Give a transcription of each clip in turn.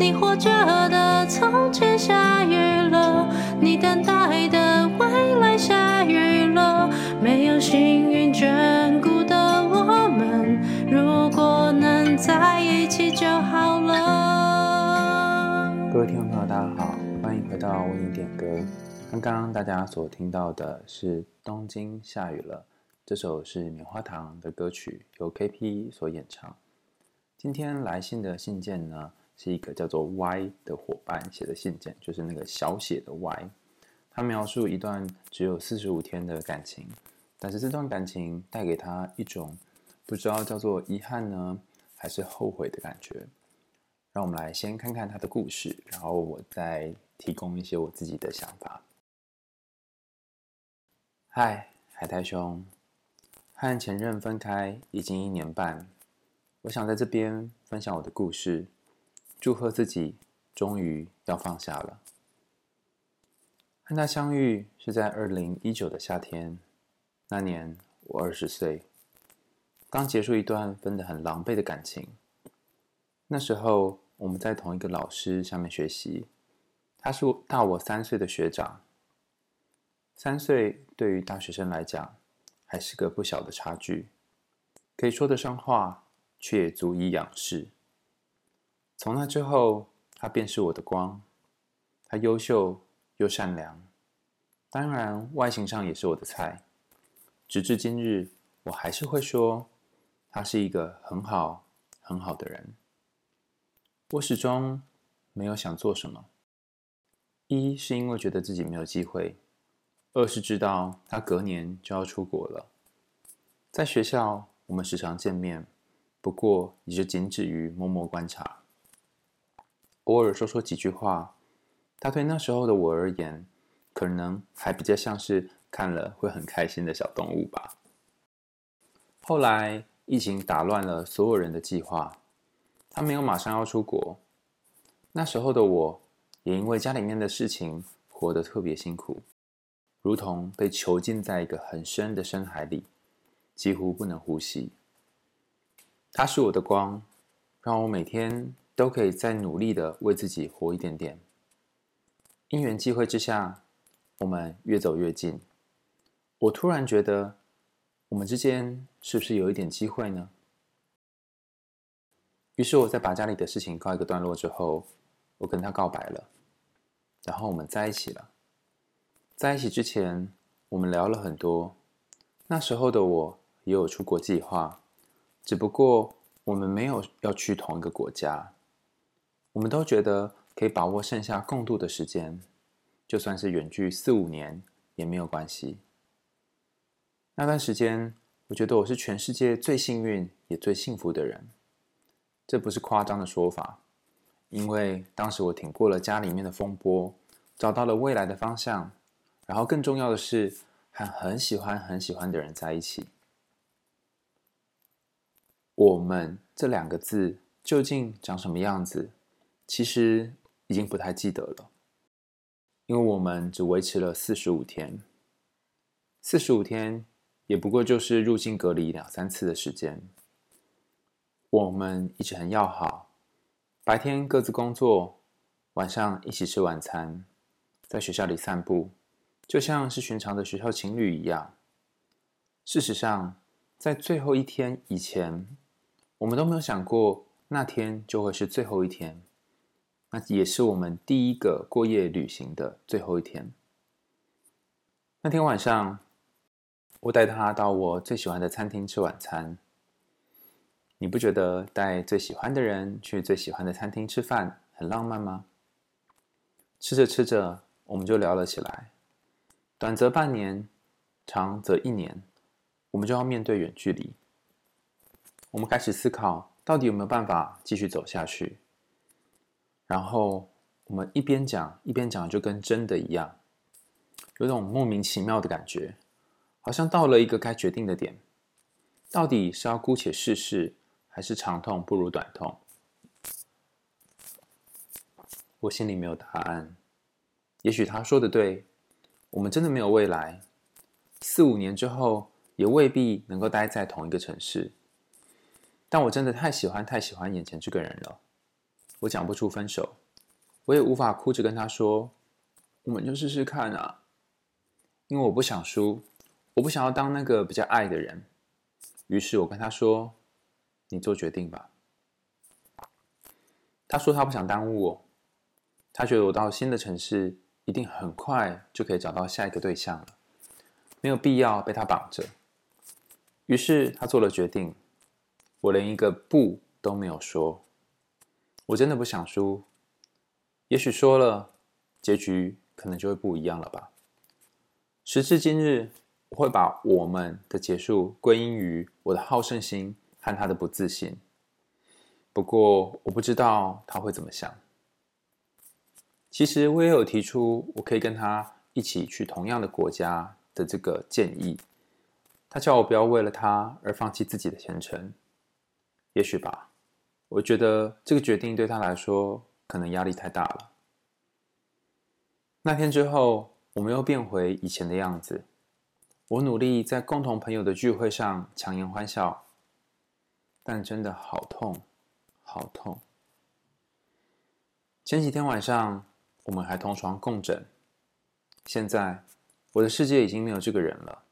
你活著的從前下雨了，你等待的未來下雨了，沒有幸運眷顧的我們，如果能在一起就好了。各位聽眾朋友，大家好，歡迎回到為你點歌。剛剛大家所聽到的是《東京下雨了》，這首是棉花糖的歌曲，由 KP 所演唱。今天來信的信件呢，是一個叫做 Y 的夥伴寫的信件，就是那個小寫的 Y。他描述一段只有四十五天的感情，但是這段感情帶給他一種不知道叫做遺憾呢，還是後悔的感覺。讓我們來先看看他的故事，然後我再提供一些我自己的想法。嗨，海苔兄，和前任分開已經一年半，我想在這邊分享我的故事。祝賀自己，終於要放下了。和他相遇是在二零一九的夏天，那年我二十歲，剛結束一段分得很狼狽的感情。那時候我們在同一個老師下面學習，他是大我三歲的學長。三歲對於大學生來講，還是個不小的差距，可以說得上話，卻也足以仰視。從那之後，他便是我的光。他優秀又善良，當然外形上也是我的菜。直至今日，我還是會說他是一個很好很好的人。我始終沒有想做什麼，一是因為覺得自己沒有機會，二是知道他隔年就要出國了。在學校，我們時常見面，不過也就僅止於默默觀察。偶爾說說幾句話，他對那時候的我而言，可能還比較像是看了會很開心的小動物吧。後來疫情打亂了所有人的計劃，他沒有馬上要出國。那時候的我，也因為家裡面的事情，活得特別辛苦，如同被囚禁在一個很深的深海裡，幾乎不能呼吸。他是我的光，讓我每天，都可以再努力的為自己活一點點。因緣際會之下，我們越走越近。我突然覺得，我們之間是不是有一點機會呢？於是我在把家裡的事情告一個段落之後，我跟他告白了。然後我們在一起了。在一起之前，我們聊了很多。那時候的我也有出國計劃，只不過我們沒有要去同一個國家。我們都覺得可以把握剩下共度的時間，就算是遠距四五年也沒有關係。那段時間，我覺得我是全世界最幸運也最幸福的人，這不是誇張的說法，因為當時我挺過了家裡面的風波，找到了未來的方向，然後更重要的是，還很喜歡很喜歡的人在一起。我們這兩個字究竟長什麼樣子？其實已經不太記得了，因為我們只維持了四十五天，四十五天也不過就是入境隔離兩三次的時間。我們一直很要好，白天各自工作，晚上一起吃晚餐，在學校裡散步，就像是尋常的學校情侶一樣。事實上，在最後一天以前，我們都沒有想過那天就會是最後一天。那也是我們第一個過夜旅行的最後一天。那天晚上，我帶他到我最喜歡的餐廳吃晚餐。你不覺得帶最喜歡的人去最喜歡的餐廳吃飯很浪漫嗎？吃着吃着，我們就聊了起來。短則半年，長則一年，我們就要面對遠距離。我們開始思考，到底有沒有辦法繼續走下去。然後我們一邊講一邊講，就跟真的一樣，有種莫名其妙的感覺，好像到了一個該決定的點，到底是要姑且試試，還是長痛不如短痛？我心裡沒有答案。也許他說的對，我們真的沒有未來，四五年之後也未必能夠待在同一個城市。但我真的太喜歡太喜歡眼前這個人了。我講不出分手，我也無法哭着跟他說，我們就試試看啊，因為我不想輸，我不想要當那個比較愛的人。於是，我跟他說，你做決定吧。他說他不想耽誤我，他覺得我到新的城市一定很快就可以找到下一個對象了，沒有必要被他綁着。於是，他做了決定，我連一個不都沒有說。我真的不想輸，也許說了，結局可能就會不一樣了吧。時至今日，我會把我們的結束歸因於我的好勝心和他的不自信。不過，我不知道他會怎麼想。其實我也有提出我可以跟他一起去同樣的國家的這個建議，他叫我不要為了他而放棄自己的前程。也許吧。我覺得這個決定對他來說可能壓力太大了。那天之後，我們又變回以前的樣子。我努力在共同朋友的聚會上強顏歡笑，但真的好痛，好痛。前幾天晚上我們還同床共枕，現在我的世界已經沒有這個人了。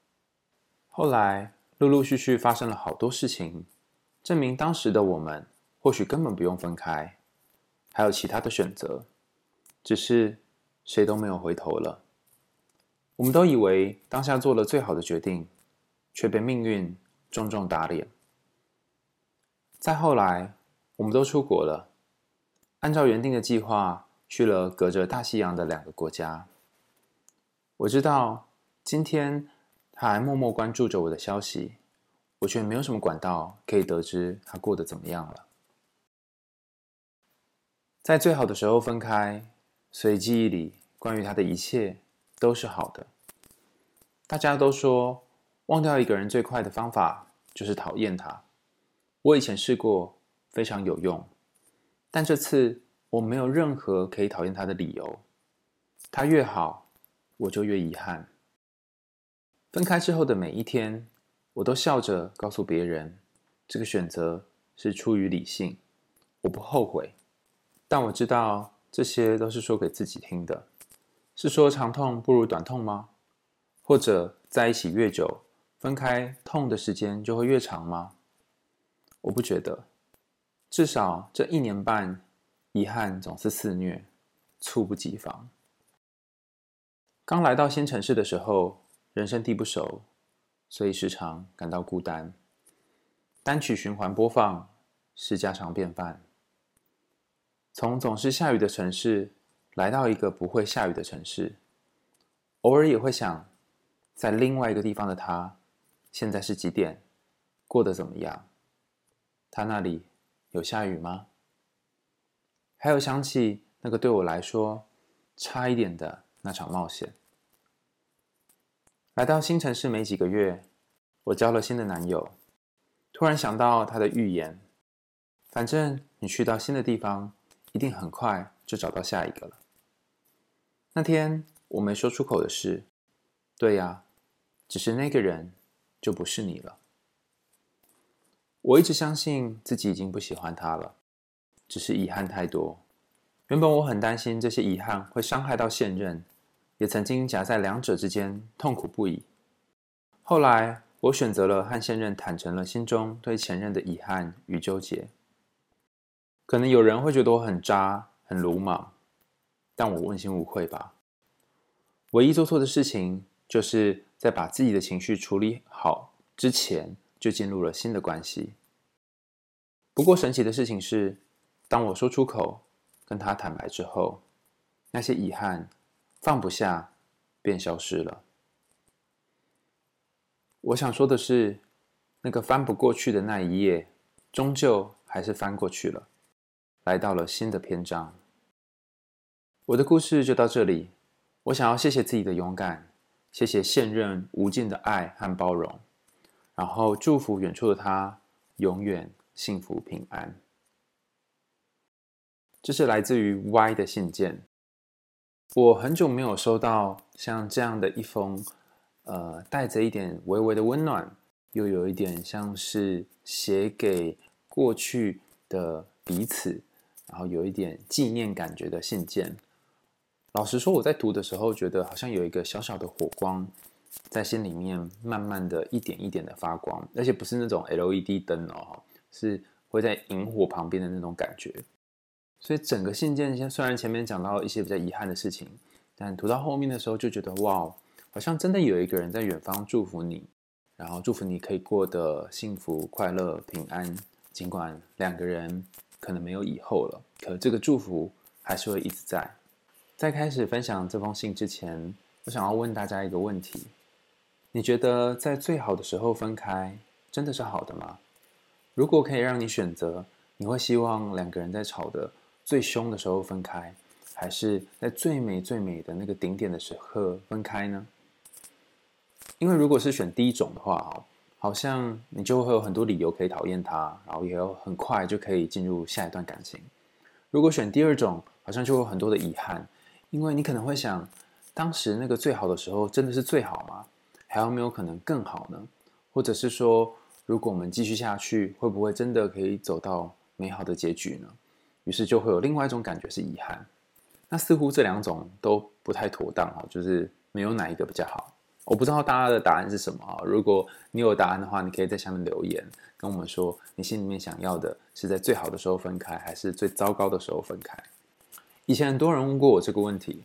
後來陸陸續續發生了好多事情，證明當時的我們。或許根本不用分開，還有其他的選擇，只是誰都沒有回頭了。我們都以為當下做了最好的決定，卻被命運重重打臉。再後來，我們都出國了，按照原定的計劃去了隔着大西洋的兩個國家。我知道今天他還默默關注着我的消息，我卻沒有什麼管道可以得知他過得怎麼樣了。在最好的時候分開，所以記憶裡關於他的一切都是好的。大家都說，忘掉一個人最快的方法就是討厭他。我以前試過，非常有用。但這次我沒有任何可以討厭他的理由。他越好，我就越遺憾。分開之後的每一天，我都笑着告訴別人，這個選擇是出於理性，我不後悔。但我知道這些都是說給自己聽的，是說長痛不如短痛嗎？或者在一起越久，分開痛的時間就會越長嗎？我不覺得，至少這一年半，遺憾總是肆虐，猝不及防。剛來到新城市的時候，人生地不熟，所以時常感到孤單，單曲循環播放是家常便飯。從總是下雨的城市來到一個不會下雨的城市，偶爾也會想，在另外一個地方的他，現在是幾點？過得怎麼樣？他那裡有下雨嗎？還有想起那個對我來說差一點的那場冒險。來到新城市沒幾個月，我交了新的男友，突然想到他的預言：反正你去到新的地方。一定很快就找到下一個了。那天我沒說出口的事，對呀，只是那個人就不是你了。我一直相信自己已經不喜歡他了，只是遺憾太多。原本我很擔心這些遺憾會傷害到現任，也曾經夾在兩者之間痛苦不已。後來我選擇了和現任坦誠了心中對前任的遺憾與糾結。可能有人會覺得我很渣、很魯莽，但我問心無愧吧。唯一做錯的事情就是在把自己的情緒處理好之前就進入了新的關係。不過神奇的事情是，當我說出口，跟他坦白之後，那些遺憾放不下，便消失了。我想說的是，那個翻不過去的那一頁，終究還是翻過去了。來到了新的篇章。我的故事就到這裡。我想要謝謝自己的勇敢，謝謝現任無盡的愛和包容，然後祝福遠處的他永遠幸福平安。這是來自於 Y 的信件。我很久沒有收到像這樣的一封，呃，帶着一點微微的溫暖，又有一點像是寫給過去的彼此。然後有一點紀念感覺的信件，老實說，我在讀的時候覺得好像有一個小小的火光在心裡面慢慢的一點一點的發光，而且不是那種 LED 燈哦，是會在螢火旁邊的那種感覺。所以整個信件先雖然前面講到一些比較遺憾的事情，但讀到後面的時候就覺得哇，好像真的有一個人在遠方祝福你，然後祝福你可以過得幸福、快樂、平安。儘管兩個人。可能沒有以後了，可這個祝福還是會一直在。在開始分享這封信之前，我想要問大家一個問題：你覺得在最好的時候分開真的是好的嗎？如果可以讓你選擇，你會希望兩個人在吵得最兇的時候分開，還是在最美最美的那個頂點的時刻分開呢？因為如果是選第一種的話，哈。好像你就會有很多理由可以討厭他，然後也有很快就可以進入下一段感情。如果選第二種，好像就會有很多的遺憾，因為你可能會想，當時那個最好的時候真的是最好嗎？還有沒有可能更好呢？或者是說，如果我們繼續下去，會不會真的可以走到美好的結局呢？於是就會有另外一種感覺是遺憾。那似乎這兩種都不太妥當哦，就是沒有哪一個比較好。我不知道大家的答案是什麼啊？如果你有答案的話，你可以在下面留言跟我們說，你心裡面想要的是在最好的時候分開，還是最糟糕的時候分開？以前很多人問過我這個問題，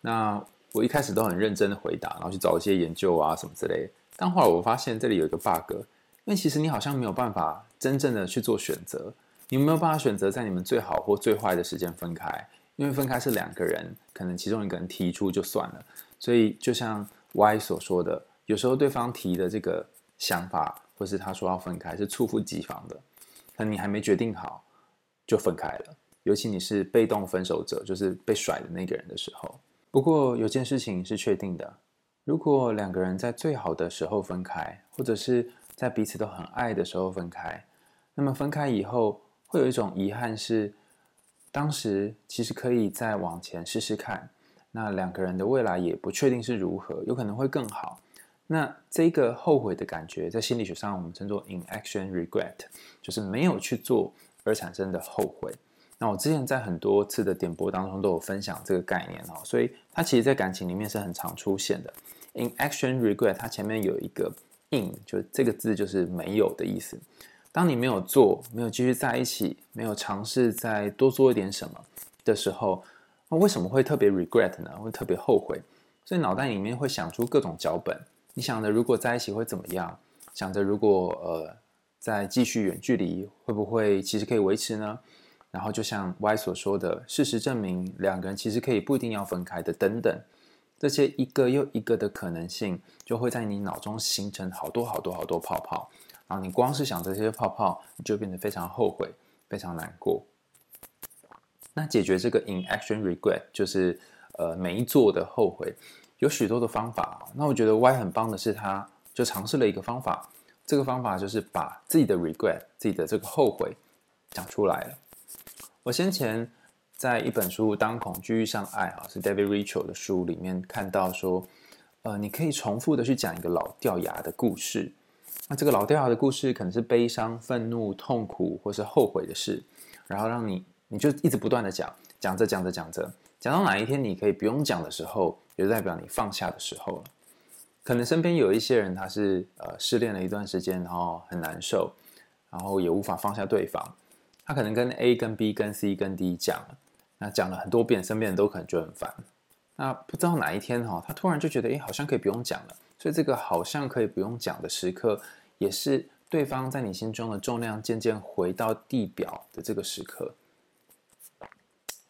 那我一開始都很認真的回答，然後去找一些研究啊什麼之類的。但後來我發現這裡有一個 bug，因為其實你好像沒有辦法真正的去做選擇，你沒有辦法選擇在你們最好或最壞的時間分開，因為分開是兩個人，可能其中一個人提出就算了，所以就像，Y 所說的，有時候對方提的這個想法，或是他說要分開，是猝不及防的。那你還沒決定好，就分開了。尤其你是被動分手者，就是被甩的那個人的時候。不過有件事情是確定的：如果兩個人在最好的時候分開，或者是在彼此都很愛的時候分開，那麼分開以後會有一種遺憾是，是當時其實可以再往前試試看。那兩個人的未來也不確定是如何，有可能會更好。那這個後悔的感覺，在心理學上我們稱作 inaction regret，就是沒有去做而產生的後悔。那我之前在很多次的點播當中都有分享這個概念哦，所以它其實，在感情裡面是很常出現的。Inaction regret，它前面有一個 in，就這個字就是沒有的意思。當你沒有做，沒有繼續在一起，沒有嘗試再多做一點什麼的時候。為什麼會特別 regret 呢？會特別後悔，所以腦袋裡面會想出各種腳本。你想着如果在一起會怎麼樣？想着如果呃再繼續遠距離，會不會其實可以維持呢？然後就像 Y 所說的，事實證明兩個人其實可以不一定要分開的，等等。這些一個又一個的可能性，就會在你腦中形成好多好多好多泡泡。然後你光是想着這些泡泡，你就變得非常後悔，非常難過。那解決這個 inaction regret，就是呃沒做的後悔，有許多的方法。那我覺得 Y 很棒的是，他就嘗試了一個方法，這個方法就是把自己的 regret，自己的這個後悔講出來了。我先前在一本書《當恐懼遇上愛》啊，是 David Richo 的書裡面看到說，呃，你可以重複的去講一個老掉牙的故事。那這個老掉牙的故事可能是悲傷、憤怒、痛苦或是後悔的事，然後讓你。你就一直不斷的講，講着講着講着，講到哪一天你可以不用講的時候，也就代表你放下的時候了。可能身邊有一些人，他是呃失戀了一段時間，然後很難受，然後也無法放下對方，他可能跟 A、跟 B、跟 C、跟 D 講，那講了很多遍，身邊人都可能覺得很煩。那不知道哪一天哈，他突然就覺得，哎、欸，好像可以不用講了。所以這個好像可以不用講的時刻，也是對方在你心中的重量漸漸回到地表的這個時刻。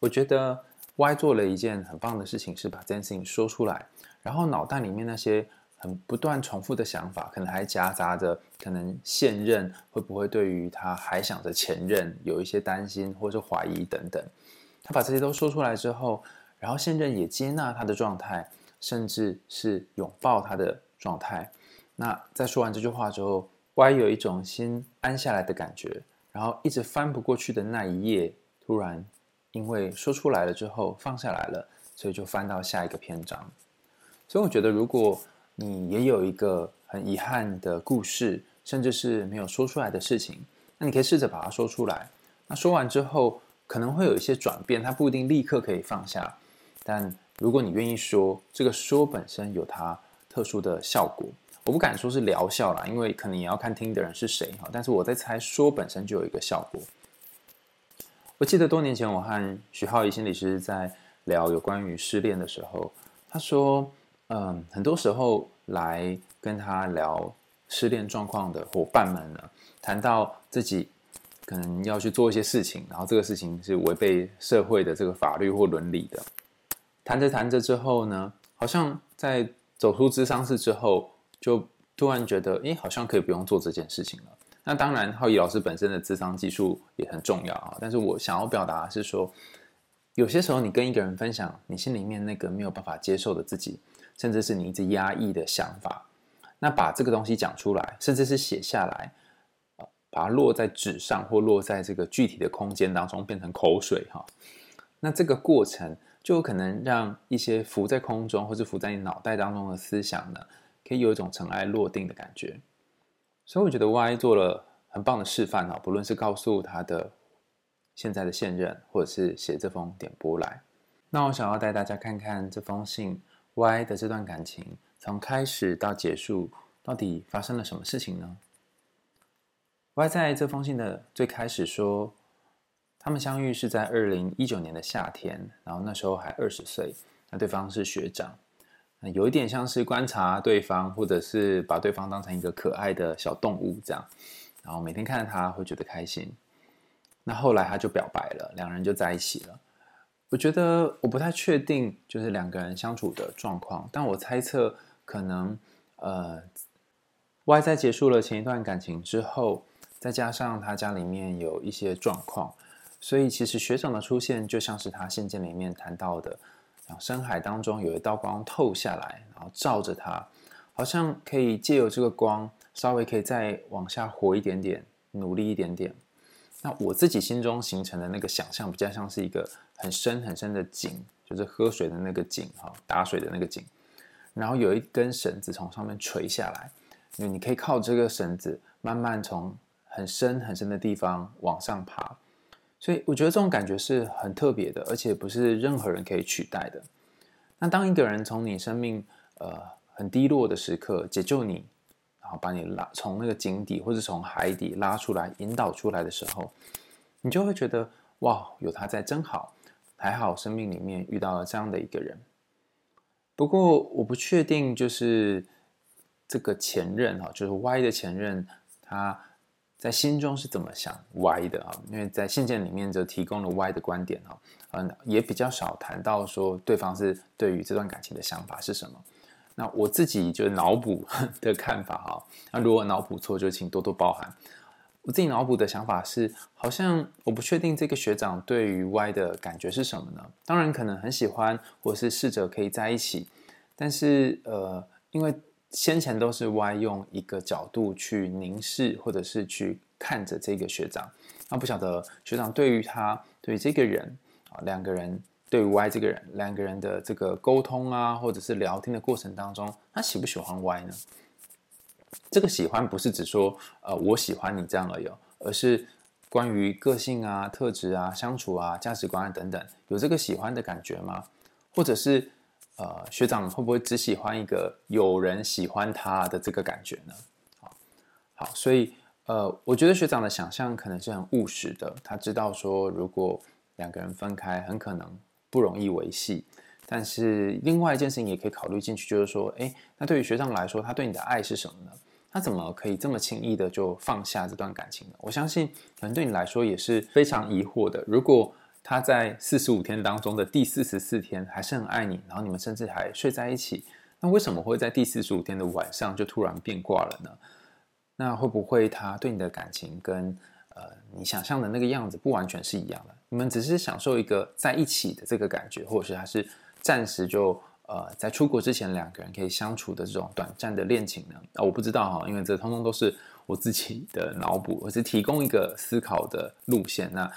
我覺得 Y 做了一件很棒的事情，是把這件事情說出來，然後腦袋裡面那些很不斷重複的想法，可能還夾雜着可能現任會不會對於他還想着前任有一些擔心或者懷疑等等。他把這些都說出來之後，然後現任也接納他的狀態，甚至是擁抱他的狀態。那在說完這句話之後，Y 有一種心安下來的感覺，然後一直翻不過去的那一頁突然。因為說出來了之後放下來了，所以就翻到下一個篇章。所以我覺得，如果你也有一個很遺憾的故事，甚至是沒有說出來的事情，那你可以試着把它說出來。那說完之後，可能會有一些轉變，它不一定立刻可以放下。但如果你願意說，這個說本身有它特殊的效果。我不敢說是療效啦，因為可能也要看聽的人是誰哈。但是我在猜，說本身就有一個效果。我記得多年前，我和徐浩怡心理師在聊有關於失戀的時候，他說：“嗯，很多時候來跟他聊失戀狀況的夥伴們呢，談到自己可能要去做一些事情，然後這個事情是違背社會的這個法律或倫理的。談着談着之後呢，好像在走出諮商室之後，就突然覺得，誒、欸，好像可以不用做這件事情了。”那當然，浩一老師本身的諮商技術也很重要啊。但是我想要表達的是說，有些時候你跟一個人分享你心裡面那個沒有辦法接受的自己，甚至是你一直壓抑的想法，那把這個東西講出來，甚至是寫下來，把它落在紙上或落在這個具體的空間當中，變成口水哈。那這個過程就有可能讓一些浮在空中或是浮在你腦袋當中的思想呢，可以有一種塵埃落定的感覺。所以我覺得 Y 做了很棒的示範啊，不論是告訴他的現在的現任，或者是寫這封點播來。那我想要帶大家看看這封信 Y 的這段感情，從開始到結束，到底發生了什麼事情呢？Y 在這封信的最開始說，他們相遇是在二零一九年的夏天，然後那時候還二十歲，那對方是學長。有一點像是觀察對方，或者是把對方當成一個可愛的小動物這樣，然後每天看着他會覺得開心。那後來他就表白了，兩人就在一起了。我覺得我不太確定，就是兩個人相處的狀況，但我猜測可能呃，外在結束了前一段感情之後，再加上他家裡面有一些狀況，所以其實學長的出現就像是他信件裡面談到的。啊，深海當中有一道光透下來，然後照着它，好像可以借由這個光，稍微可以再往下活一點點，努力一點點。那我自己心中形成的那個想象，比較像是一個很深很深的井，就是喝水的那個井哈，打水的那個井。然後有一根繩子從上面垂下來，你可以靠這個繩子，慢慢從很深很深的地方往上爬。所以我覺得這種感覺是很特別的，而且不是任何人可以取代的。那當一個人從你生命呃很低落的時刻解救你，然後把你拉從那個井底或者從海底拉出來、引導出來的時候，你就會覺得哇，有他在真好，還好生命裡面遇到了這樣的一個人。不過我不確定，就是這個前任哈，就是 Y 的前任他。在心中是怎麼想歪的啊？因為在信件裡面就提供了歪的觀點哈，嗯，也比較少談到說對方是對於這段感情的想法是什麼。那我自己就腦補的看法哈，那如果腦補錯，就請多多包涵。我自己腦補的想法是，好像我不確定這個學長對於歪的感覺是什麼呢？當然可能很喜歡，或是試着可以在一起，但是呃，因為。先前都是 Y 用一個角度去凝視，或者是去看着這個學長。那不曉得學長對於他，對於這個人啊，兩個人對於 Y 這個人，兩個人的這個溝通啊，或者是聊天的過程當中，他喜不喜歡 Y 呢？這個喜歡不是只說呃，我喜歡你這樣而已，而是關於個性啊、特質啊、相處啊、價值觀啊等等，有這個喜歡的感覺嗎？或者是？呃，學長會不會只喜歡一個有人喜歡他的這個感覺呢？好，好，所以呃，我覺得學長的想象可能是很務實的，他知道說如果兩個人分開，很可能不容易維繫。但是另外一件事情也可以考慮進去，就是說，誒，那對於學長來說，他對你的愛是什麼呢？他怎麼可以這麼輕易的就放下這段感情呢？我相信，可能對你來說也是非常疑惑的。如果他在四十五天當中的第四十四天還是很愛你，然後你們甚至還睡在一起，那為什麼會在第四十五天的晚上就突然變卦了呢？那會不會他對你的感情跟呃你想象的那個樣子不完全是一樣的？你們只是享受一個在一起的這個感覺，或者是還是暫時就呃在出國之前兩個人可以相處的這種短暫的戀情呢？啊、呃，我不知道哈，因為這通通都是我自己的腦補，我是提供一個思考的路線那。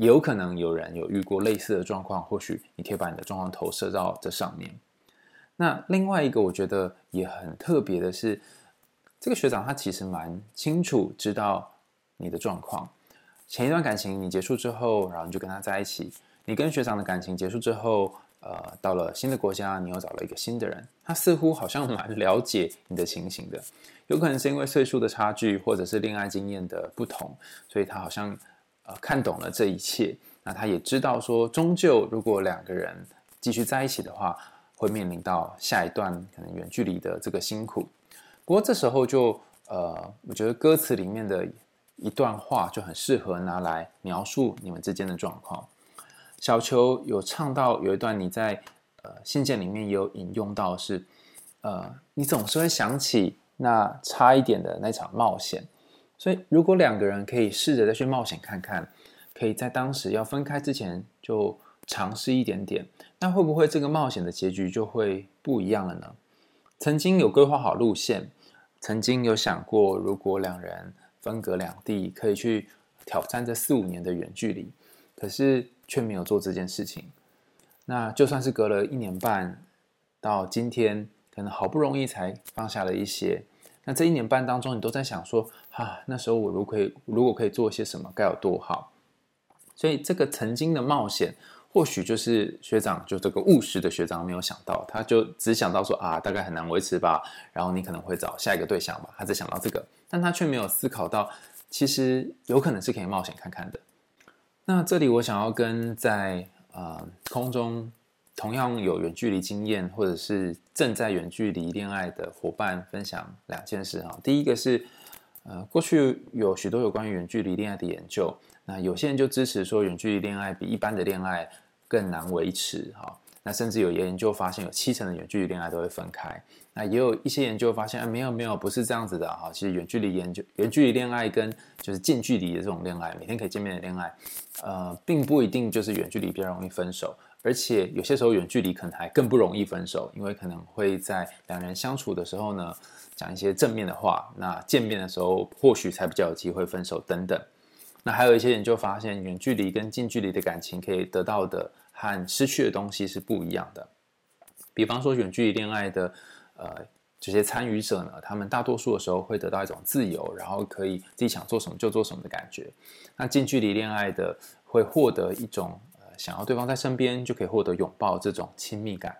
有可能有人有遇過類似的狀況，或許你可以把你的狀況投射到這上面。那另外一個我覺得也很特別的是，這個學長他其實蠻清楚知道你的狀況。前一段感情你結束之後，然後你就跟他在一起。你跟學長的感情結束之後，呃，到了新的國家，你又找了一個新的人。他似乎好像蠻了解你的情形的。有可能是因為歲數的差距，或者是戀愛經驗的不同，所以他好像。看懂了這一切，那他也知道說，終究如果兩個人繼續在一起的話，會面臨到下一段可能遠距離的這個辛苦。不過這時候就呃，我覺得歌詞裡面的一段話就很適合拿來描述你們之間的狀況。小球有唱到有一段，你在呃信件裡面也有引用到是，呃，你總是會想起那差一點的那場冒險。所以，如果兩個人可以試着再去冒險看看，可以在當時要分開之前就嘗試一點點，那會不會這個冒險的結局就會不一樣了呢？曾經有規劃好路線，曾經有想過，如果兩人分隔兩地，可以去挑戰這四五年的遠距離，可是卻沒有做這件事情。那就算是隔了一年半，到今天，可能好不容易才放下了一些。那這一年半當中，你都在想說，啊，那時候我如果可以，如果可以做些什麼，該有多好。所以這個曾經的冒險，或許就是學長就這個務實的學長沒有想到，他就只想到說，啊，大概很難維持吧，然後你可能會找下一個對象吧，他只想到這個，但他卻沒有思考到，其實有可能是可以冒險看看的。那這裡我想要跟在呃空中。同樣有遠距離經驗，或者是正在遠距離戀愛的夥伴，分享兩件事哈。第一個是，呃，過去有許多有關於遠距離戀愛的研究，那有些人就支持說遠距離戀愛比一般的戀愛更難維持哈、哦。那甚至有研究發現，有七成的遠距離戀愛都會分開。那也有一些研究發現，哎，沒有沒有，不是這樣子的哈、哦。其實遠距離研究，遠距離戀愛跟就是近距離的這種戀愛，每天可以見面的戀愛，呃，並不一定就是遠距離比較容易分手。而且有些時候遠距離可能還更不容易分手，因為可能會在兩人相處的時候呢，講一些正面的話，那見面的時候或許才比較有機會分手等等。那還有一些研究發現，遠距離跟近距離的感情可以得到的和失去的東西是不一樣的。比方說遠距離戀愛的，呃，這些參與者呢，他們大多數的時候會得到一種自由，然後可以自己想做什麼就做什麼的感覺。那近距離戀愛的會獲得一種。想要對方在身邊，就可以獲得擁抱這種親密感。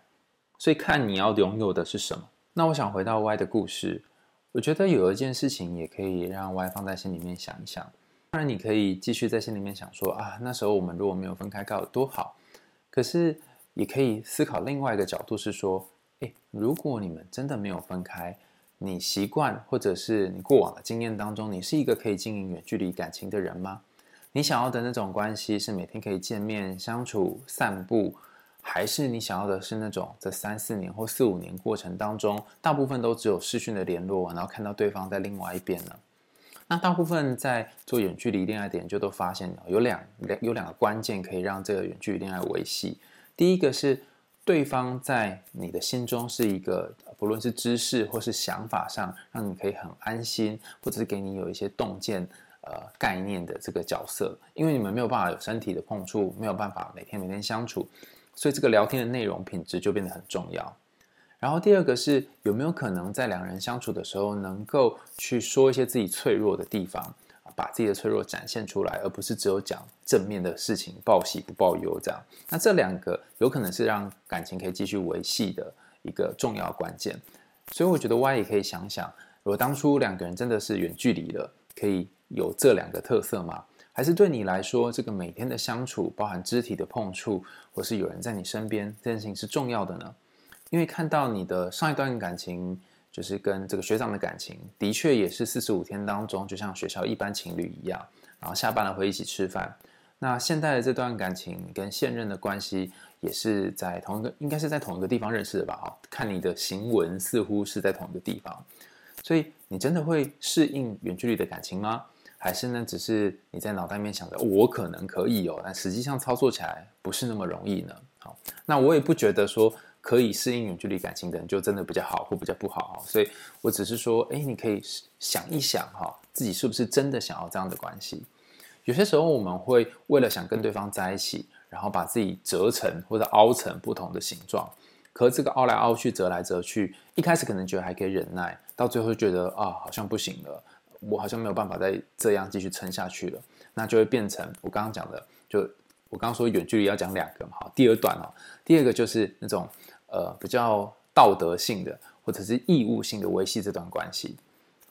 所以看你要擁有的是什麼。那我想回到 Y 的故事，我覺得有一件事情也可以讓 Y 放在心裡面想一想。當然，你可以繼續在心裡面想說啊，那時候我們如果沒有分開，該有多好。可是，也可以思考另外一個角度，是說，誒、欸，如果你們真的沒有分開，你習慣或者是你過往的經驗當中，你是一個可以經營遠距離感情的人嗎？你想要的那種關係是每天可以見面、相處、散步，還是你想要的是那種這三四年或四五年過程當中，大部分都只有視訊的聯絡，然後看到對方在另外一邊呢？那大部分在做遠距離戀愛的研究都發現，有兩兩有兩個關鍵可以讓這個遠距離戀愛維繫。第一個是對方在你的心中是一個，不論是知識或是想法上，讓你可以很安心，或者是給你有一些洞見。呃，概念的這個角色，因為你們沒有辦法有身體的碰觸，沒有辦法每天每天相處，所以這個聊天的內容品質就變得很重要。然後第二個是有沒有可能在兩個人相處的時候，能夠去說一些自己脆弱的地方，把自己的脆弱展現出來，而不是只有講正面的事情，報喜不報憂這樣。那這兩個有可能是讓感情可以繼續維繫的一個重要關鍵。所以我覺得 Y 也可以想想，如果當初兩個人真的是遠距離的，可以。有這兩個特色嗎？還是對你來說，這個每天的相處，包含肢體的碰觸，或是有人在你身邊，這件事情是重要的呢？因為看到你的上一段感情，就是跟這個學長的感情，的確也是四十五天當中，就像學校一般情侶一樣，然後下班了會一起吃飯。那現在的這段感情跟現任的關係，也是在同一個，應該是在同一個地方認識的吧？啊，看你的行文似乎是在同一個地方，所以你真的會適應遠距離的感情嗎？還是呢？只是你在腦袋裡面想着、哦、我可能可以哦，但實際上操作起來不是那麼容易呢。好，那我也不覺得說可以適應遠距離感情的人就真的比較好或比較不好啊。所以我只是說，哎、欸，你可以想一想哈，自己是不是真的想要這樣的關係？有些時候我們會為了想跟對方在一起，然後把自己折成或者凹成不同的形狀。可這個凹來凹去、折來折去，一開始可能覺得還可以忍耐，到最後就覺得啊、哦，好像不行了。我好像沒有辦法再這樣繼續撐下去了，那就會變成我剛剛講的，就我剛剛說遠距離要講兩個，好，第二段哦、喔，第二個就是那種呃比較道德性的或者是義務性的維繫這段關係。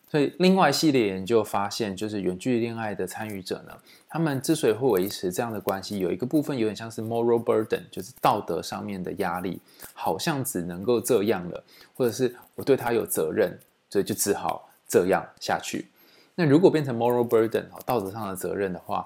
所以另外一系列研究發現，就是遠距離戀愛的參與者呢，他們之所以會維持這樣的關係，有一個部分有點像是 moral burden，就是道德上面的壓力，好像只能夠這樣了，或者是我對他有責任，所以就只好這樣下去。那如果變成 moral burden 啊，道德上的責任的話，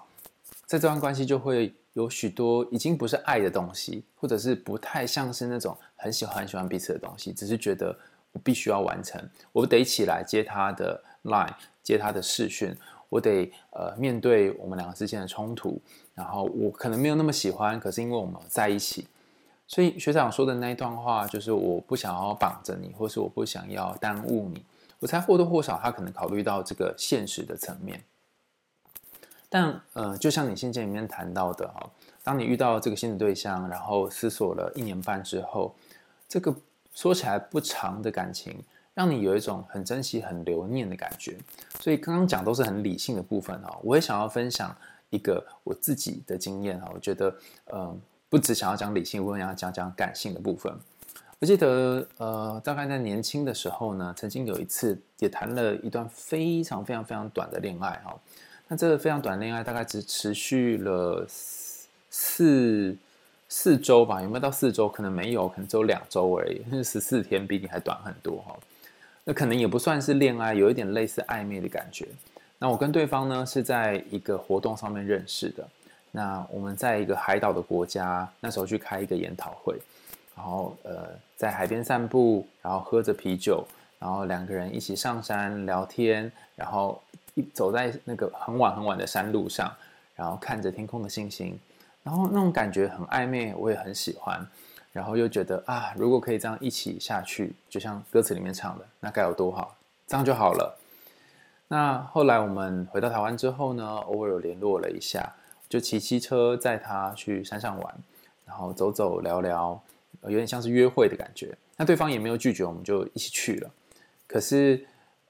在這段關係就會有許多已經不是愛的東西，或者是不太像是那種很喜歡很喜歡彼此的東西，只是覺得我必須要完成，我得起來接他的 line，接他的視訊，我得呃面對我們兩個之間的衝突，然後我可能沒有那麼喜歡，可是因為我們在一起，所以學長說的那一段話就是我不想要綁着你，或是我不想要耽誤你。我才或多或少，他可能考慮到這個現實的層面，但呃，就像你信件裡面談到的哈，當你遇到這個新的對象，然後思索了一年半之後，這個說起來不長的感情，讓你有一種很珍惜、很留念的感覺。所以剛剛講都是很理性的部分哈，我也想要分享一個我自己的經驗哈。我覺得呃，不只想要講理性，我也要講講感性的部分。我記得呃，大概在年輕的時候呢，曾經有一次也談了一段非常非常非常短的戀愛哈。那這個非常短的戀愛大概只持續了四四周吧，有沒有到四周？可能沒有，可能只有兩周而已，那十四天比你還短很多哈。那可能也不算是戀愛，有一點類似曖昧的感覺。那我跟對方呢是在一個活動上面認識的。那我們在一個海島的國家，那時候去開一個研討會。然後呃，在海邊散步，然後喝着啤酒，然後兩個人一起上山聊天，然後一走在那個很晚很晚的山路上，然後看着天空的星星，然後那種感覺很曖昧，我也很喜歡。然後又覺得啊，如果可以這樣一起下去，就像歌詞裡面唱的，那該有多好，這樣就好了。那後來我們回到台灣之後呢，偶爾有聯絡了一下，就騎機車載他去山上玩，然後走走聊聊。有點像是約會的感覺，那對方也沒有拒絕，我們就一起去了。可是，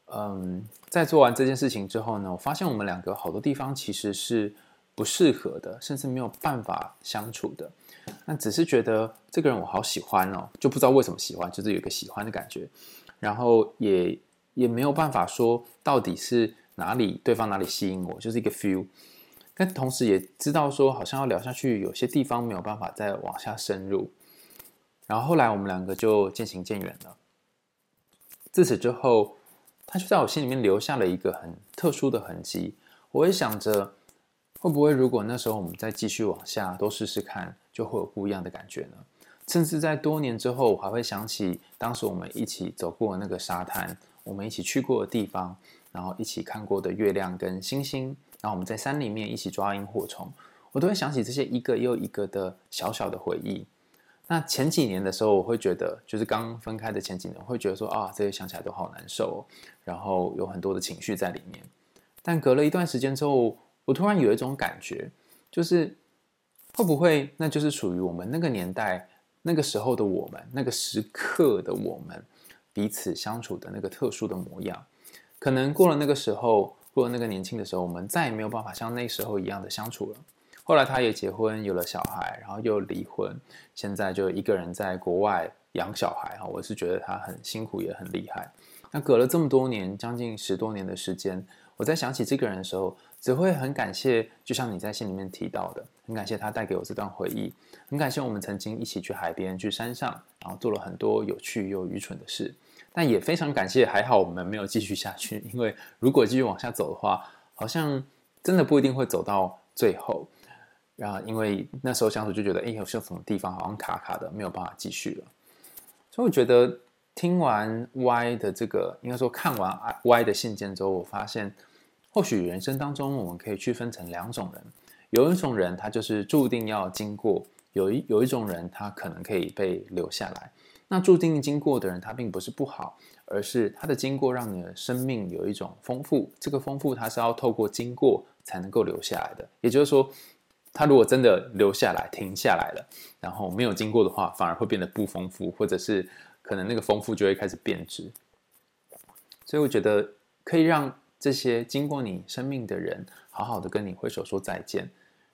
嗯，在做完這件事情之後呢，我發現我們兩個好多地方其實是不適合的，甚至沒有辦法相處的。那只是覺得這個人我好喜歡哦，就不知道為什麼喜歡，就是有一個喜歡的感覺。然後也也沒有辦法說到底是哪裡對方哪裡吸引我，就是一個 feel。但同時也知道說，好像要聊下去，有些地方沒有辦法再往下深入。然後後來我們兩個就漸行漸遠了。自此之後，他就在我心裡面留下了一個很特殊的痕跡。我會想着，會不會如果那時候我們再繼續往下多試試看，就會有不一樣的感覺呢？甚至在多年之後，我還會想起當時我們一起走過那個沙灘，我們一起去過的地方，然後一起看過的月亮跟星星，然後我們在山裡面一起抓螢火蟲，我都會想起這些一個又一個的小小的回憶。那前幾年的時候，我會覺得，就是剛分開的前幾年，我會覺得說啊，這些想起來都好難受哦，然後有很多的情緒在裡面。但隔了一段時間之後，我突然有一種感覺，就是會不會，那就是屬於我們那個年代、那個時候的我們、那個時刻的我們彼此相處的那個特殊的模樣。可能過了那個時候，過了那個年輕的時候，我們再也沒有辦法像那時候一樣的相處了。後來他也結婚有了小孩，然後又離婚，現在就一個人在國外養小孩哈，我是覺得他很辛苦，也很厲害。那隔了這麼多年，將近十多年的時間，我在想起這個人的時候，只會很感謝。就像你在信裡面提到的，很感謝他帶給我這段回憶，很感謝我們曾經一起去海邊、去山上，然後做了很多有趣又愚蠢的事。但也非常感謝，還好我們沒有繼續下去，因為如果繼續往下走的話，好像真的不一定會走到最後。然後，因為那時候相處就覺得，哎、欸，好像什麼地方好像卡卡的，沒有辦法繼續了。所以我覺得聽完 Y 的這個，應該說看完 Y 的信件之後，我發現，或許人生當中我們可以區分成兩種人，有一種人他就是注定要經過，有一有一種人他可能可以被留下來。那注定經過的人，他並不是不好，而是他的經過讓你的生命有一種豐富。這個豐富，他是要透過經過才能夠留下來的。也就是說。他如果真的留下來、停下來了，然後沒有經過的話，反而會變得不豐富，或者是可能那個豐富就會開始變質。所以我覺得可以讓這些經過你生命的人好好的跟你揮手說再見，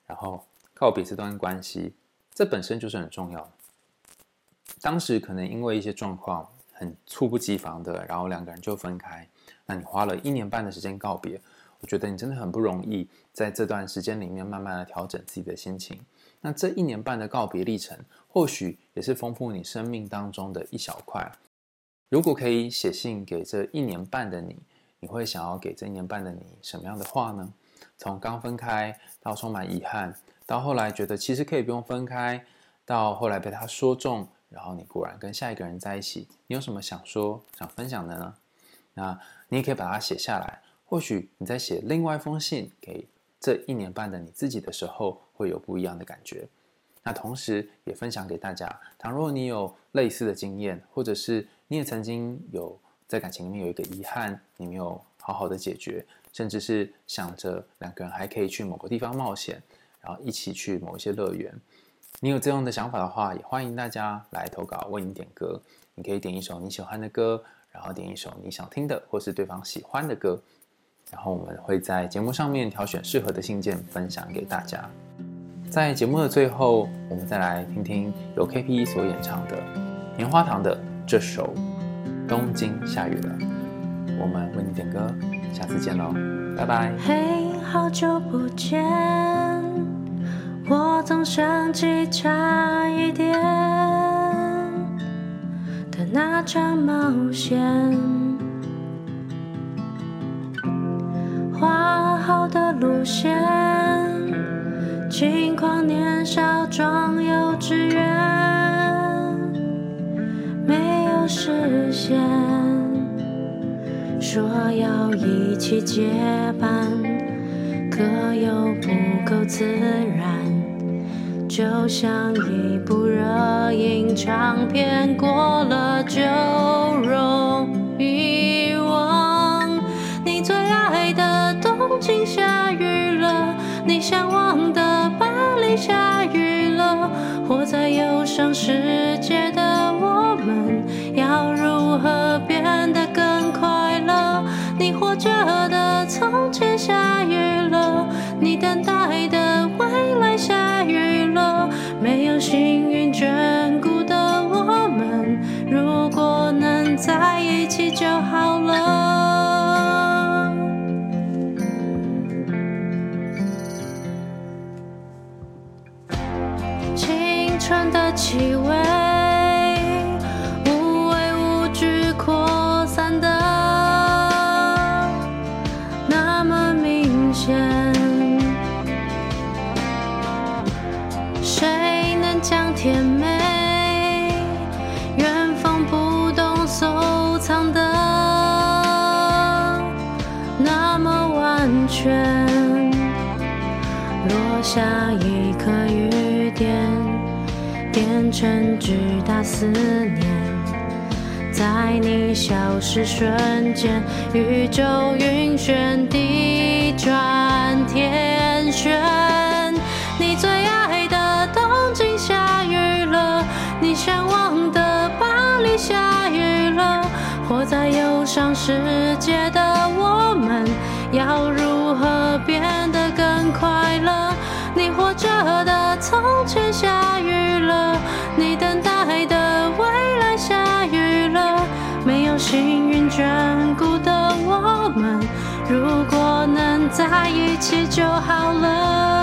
然後告別這段關係，這本身就是很重要。當時可能因為一些狀況很猝不及防的，然後兩個人就分開，那你花了一年半的時間告別。我覺得你真的很不容易，在這段時間裡面慢慢的調整自己的心情。那這一年半的告別歷程，或許也是豐富你生命當中的一小塊。如果可以寫信給這一年半的你，你會想要給這一年半的你什麼樣的話呢？從剛分開到充滿遺憾，到後來覺得其實可以不用分開，到後來被他說中，然後你果然跟下一個人在一起，你有什麼想說想分享的呢？那你也可以把它寫下來。或許你在寫另外一封信給這一年半的你自己的時候，會有不一樣的感覺。那同時也分享給大家，倘若你有類似的經驗，或者是你也曾經有在感情裡面有一個遺憾，你沒有好好的解決，甚至是想着兩個人還可以去某個地方冒險，然後一起去某一些樂園，你有這樣的想法的話，也歡迎大家來投稿為你點歌。你可以點一首你喜歡的歌，然後點一首你想聽的，或是對方喜歡的歌。然後我們會在節目上面挑選適合的信件分享給大家。在節目的最後，我們再來聽聽由 KPE 所演唱的《棉花糖》的這首《東京下雨了》。我們為你點歌，下次見嘍，拜拜。嘿，好久不見，我總想起差一點的那場冒險。好的路線，輕狂年少裝有志願，沒有實現。說要一起結伴，可又不夠自然，就像一部熱映長片，過了就容易。京下雨了，你嚮往的巴黎下雨了，活在憂傷世界的我們，要如何變得更快樂？你活着的從前下雨了，你等待的未來下雨了，沒有幸運眷顧的我們，如果能在一起。成巨大思念，在你消失瞬間，宇宙雲旋，地轉天旋。你最愛的東京下雨了，你向往的巴黎下雨了。活在憂傷世界的我們，要如何變得更快樂？你活着的。下雨了，你等待的未來下雨了，沒有幸運眷顧的我們，如果能在一起就好了。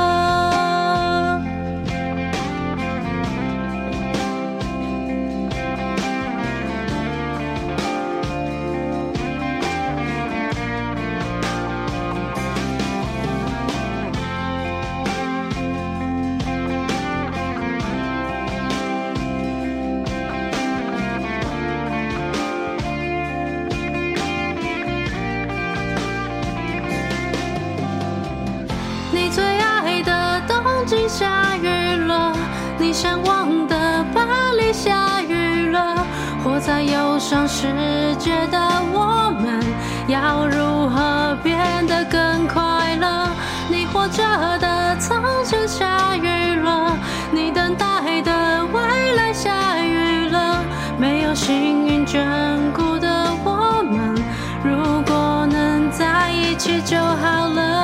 嚮往的巴黎下雨了，活在憂傷世界的我們，要如何變得更快樂？你活着的曾經下雨了，你等待的未來下雨了，沒有幸運眷顧的我們，如果能在一起就好了。